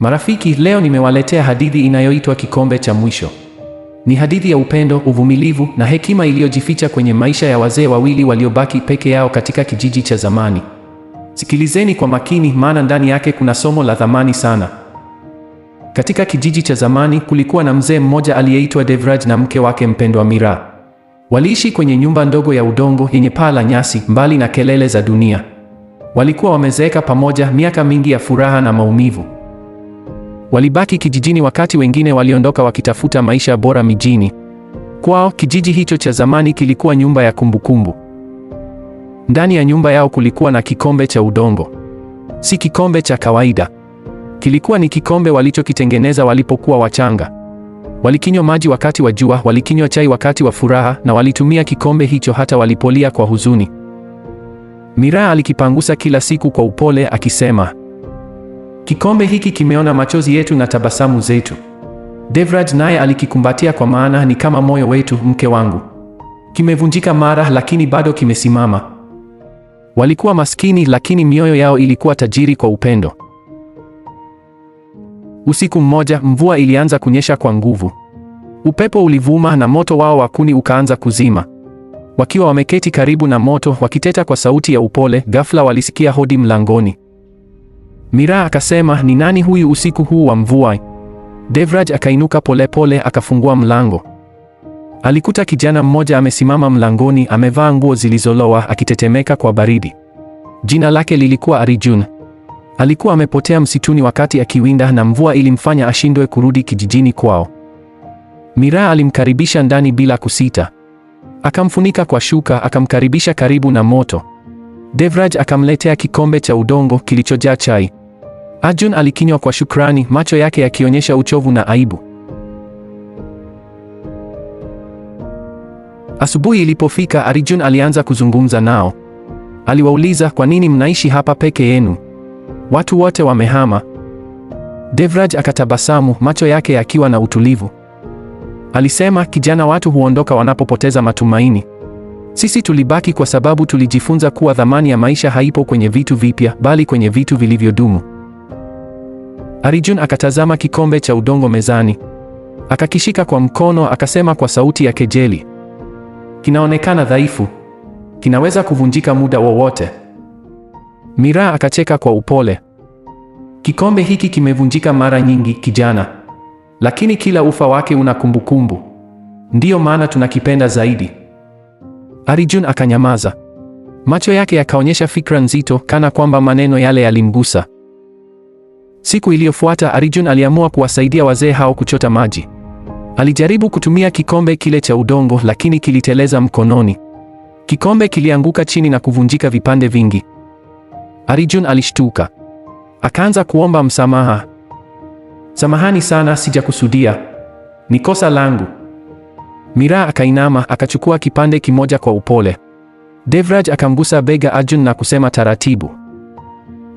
Marafiki, leo nimewaletea hadithi inayoitwa Kikombe cha Mwisho. Ni hadithi ya upendo, uvumilivu na hekima iliyojificha kwenye maisha ya wazee wawili waliobaki peke yao katika kijiji cha zamani. Sikilizeni kwa makini, maana ndani yake kuna somo la thamani sana. Katika kijiji cha zamani kulikuwa na mzee mmoja aliyeitwa Devraj na mke wake mpendwa Mira. Waliishi kwenye nyumba ndogo ya udongo yenye paa la nyasi, mbali na kelele za dunia. Walikuwa wamezeeka pamoja, miaka mingi ya furaha na maumivu. Walibaki kijijini wakati wengine waliondoka wakitafuta maisha bora mijini. Kwao kijiji hicho cha zamani kilikuwa nyumba ya kumbukumbu. Ndani ya nyumba yao kulikuwa na kikombe cha udongo. Si kikombe cha kawaida. Kilikuwa ni kikombe walichokitengeneza walipokuwa wachanga. Walikinywa maji wakati wa jua, walikinywa chai wakati wa furaha na walitumia kikombe hicho hata walipolia kwa huzuni. Miraa alikipangusa kila siku kwa upole akisema, Kikombe hiki kimeona machozi yetu na tabasamu zetu. Devraj naye alikikumbatia kwa maana ni kama moyo wetu, mke wangu. Kimevunjika mara, lakini bado kimesimama. Walikuwa maskini, lakini mioyo yao ilikuwa tajiri kwa upendo. Usiku mmoja, mvua ilianza kunyesha kwa nguvu. Upepo ulivuma na moto wao wa kuni ukaanza kuzima. Wakiwa wameketi karibu na moto wakiteta kwa sauti ya upole, ghafla walisikia hodi mlangoni. Miraa akasema, ni nani huyu usiku huu wa mvua? Devraj akainuka polepole pole, akafungua mlango. Alikuta kijana mmoja amesimama mlangoni, amevaa nguo zilizolowa, akitetemeka kwa baridi. Jina lake lilikuwa Arjun. Alikuwa amepotea msituni wakati akiwinda na mvua ilimfanya ashindwe kurudi kijijini kwao. Miraa alimkaribisha ndani bila kusita. Akamfunika kwa shuka, akamkaribisha karibu na moto. Devraj akamletea kikombe cha udongo kilichojaa chai. Arjun alikinywa kwa shukrani, macho yake yakionyesha uchovu na aibu. Asubuhi ilipofika, Arjun alianza kuzungumza nao. Aliwauliza, kwa nini mnaishi hapa peke yenu? Watu wote wamehama. Devraj akatabasamu, macho yake yakiwa na utulivu. Alisema, kijana, watu huondoka wanapopoteza matumaini. Sisi tulibaki kwa sababu tulijifunza kuwa thamani ya maisha haipo kwenye vitu vipya, bali kwenye vitu vilivyodumu. Arjun akatazama kikombe cha udongo mezani, akakishika kwa mkono, akasema kwa sauti ya kejeli, kinaonekana dhaifu, kinaweza kuvunjika muda wowote. Miraa akacheka kwa upole, kikombe hiki kimevunjika mara nyingi kijana, lakini kila ufa wake una kumbukumbu, ndiyo maana tunakipenda zaidi. Arjun akanyamaza, macho yake yakaonyesha fikra nzito, kana kwamba maneno yale yalimgusa. Siku iliyofuata Arjun aliamua kuwasaidia wazee hao kuchota maji. Alijaribu kutumia kikombe kile cha udongo lakini kiliteleza mkononi. Kikombe kilianguka chini na kuvunjika vipande vingi. Arjun alishtuka. Akaanza kuomba msamaha. Samahani sana, sijakusudia. Ni kosa langu. Mira akainama akachukua kipande kimoja kwa upole. Devraj akamgusa bega Arjun na kusema taratibu,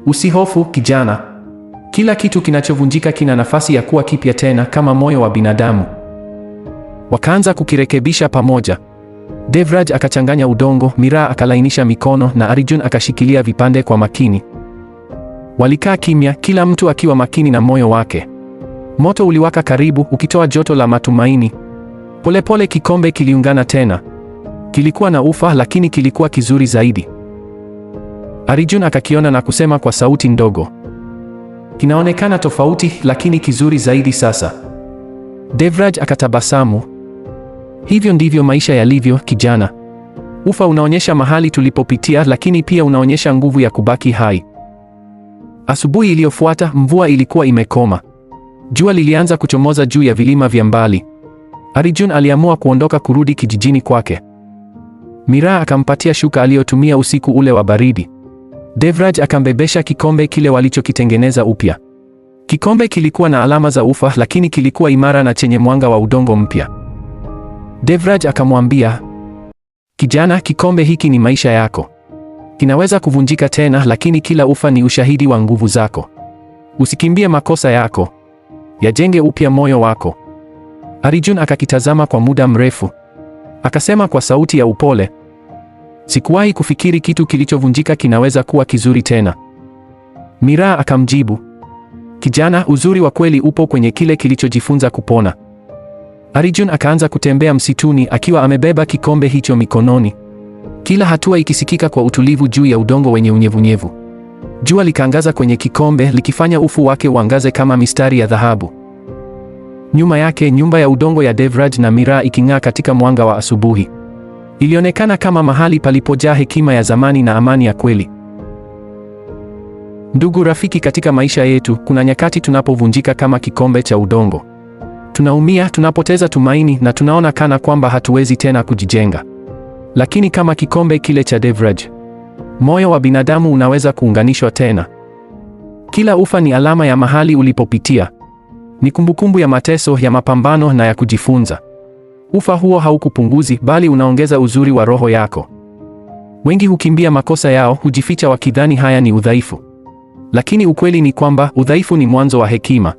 usihofu kijana. Kila kitu kinachovunjika kina nafasi ya kuwa kipya tena, kama moyo wa binadamu. Wakaanza kukirekebisha pamoja. Devraj akachanganya udongo, Miraa akalainisha mikono na Arjun akashikilia vipande kwa makini. Walikaa kimya, kila mtu akiwa makini na moyo wake. Moto uliwaka karibu, ukitoa joto la matumaini. Polepole pole kikombe kiliungana tena. Kilikuwa na ufa, lakini kilikuwa kizuri zaidi. Arjun akakiona na kusema kwa sauti ndogo, Kinaonekana tofauti lakini kizuri zaidi sasa. Devraj akatabasamu. Hivyo ndivyo maisha yalivyo, kijana. Ufa unaonyesha mahali tulipopitia, lakini pia unaonyesha nguvu ya kubaki hai. Asubuhi iliyofuata mvua ilikuwa imekoma. Jua lilianza kuchomoza juu ya vilima vya mbali. Arjun aliamua kuondoka kurudi kijijini kwake. Miraa akampatia shuka aliyotumia usiku ule wa baridi. Devraj akambebesha kikombe kile walichokitengeneza upya. Kikombe kilikuwa na alama za ufa, lakini kilikuwa imara na chenye mwanga wa udongo mpya. Devraj akamwambia, kijana, kikombe hiki ni maisha yako. Kinaweza kuvunjika tena, lakini kila ufa ni ushahidi wa nguvu zako. Usikimbie makosa yako, yajenge upya moyo wako. Arjun akakitazama kwa muda mrefu, akasema kwa sauti ya upole Sikuwahi kufikiri kitu kilichovunjika kinaweza kuwa kizuri tena. Miraa akamjibu, kijana, uzuri wa kweli upo kwenye kile kilichojifunza kupona. Arjun akaanza kutembea msituni akiwa amebeba kikombe hicho mikononi, kila hatua ikisikika kwa utulivu juu ya udongo wenye unyevunyevu. Jua likaangaza kwenye kikombe likifanya ufu wake uangaze kama mistari ya dhahabu. Nyuma yake, nyumba ya udongo ya Devraj na Miraa iking'aa katika mwanga wa asubuhi. Ilionekana kama mahali palipojaa hekima ya zamani na amani ya kweli. Ndugu rafiki, katika maisha yetu kuna nyakati tunapovunjika kama kikombe cha udongo. Tunaumia, tunapoteza tumaini na tunaona kana kwamba hatuwezi tena kujijenga. Lakini kama kikombe kile cha Devraj, moyo wa binadamu unaweza kuunganishwa tena. Kila ufa ni alama ya mahali ulipopitia, ni kumbukumbu ya mateso, ya mapambano na ya kujifunza. Ufa huo haukupunguzi bali unaongeza uzuri wa roho yako. Wengi hukimbia makosa yao, hujificha wakidhani haya ni udhaifu, lakini ukweli ni kwamba udhaifu ni mwanzo wa hekima.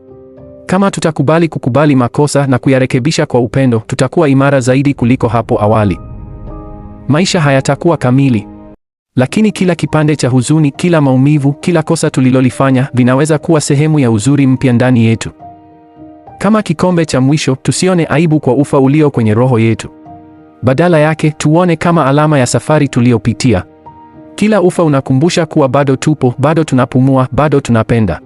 Kama tutakubali kukubali makosa na kuyarekebisha kwa upendo, tutakuwa imara zaidi kuliko hapo awali. Maisha hayatakuwa kamili, lakini kila kipande cha huzuni, kila maumivu, kila kosa tulilolifanya vinaweza kuwa sehemu ya uzuri mpya ndani yetu. Kama kikombe cha mwisho, tusione aibu kwa ufa ulio kwenye roho yetu. Badala yake, tuone kama alama ya safari tuliyopitia. Kila ufa unakumbusha kuwa bado tupo, bado tunapumua, bado tunapenda.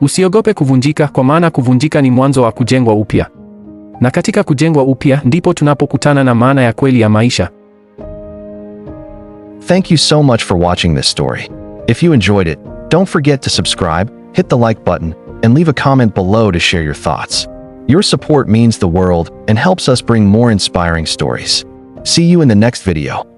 Usiogope kuvunjika, kwa maana kuvunjika ni mwanzo wa kujengwa upya. Na katika kujengwa upya ndipo tunapokutana na maana ya kweli ya maisha. Thank you so much for watching this story. If you enjoyed it, don't forget to subscribe, hit the like button and leave a comment below to share your thoughts. Your support means the world and helps us bring more inspiring stories. See you in the next video.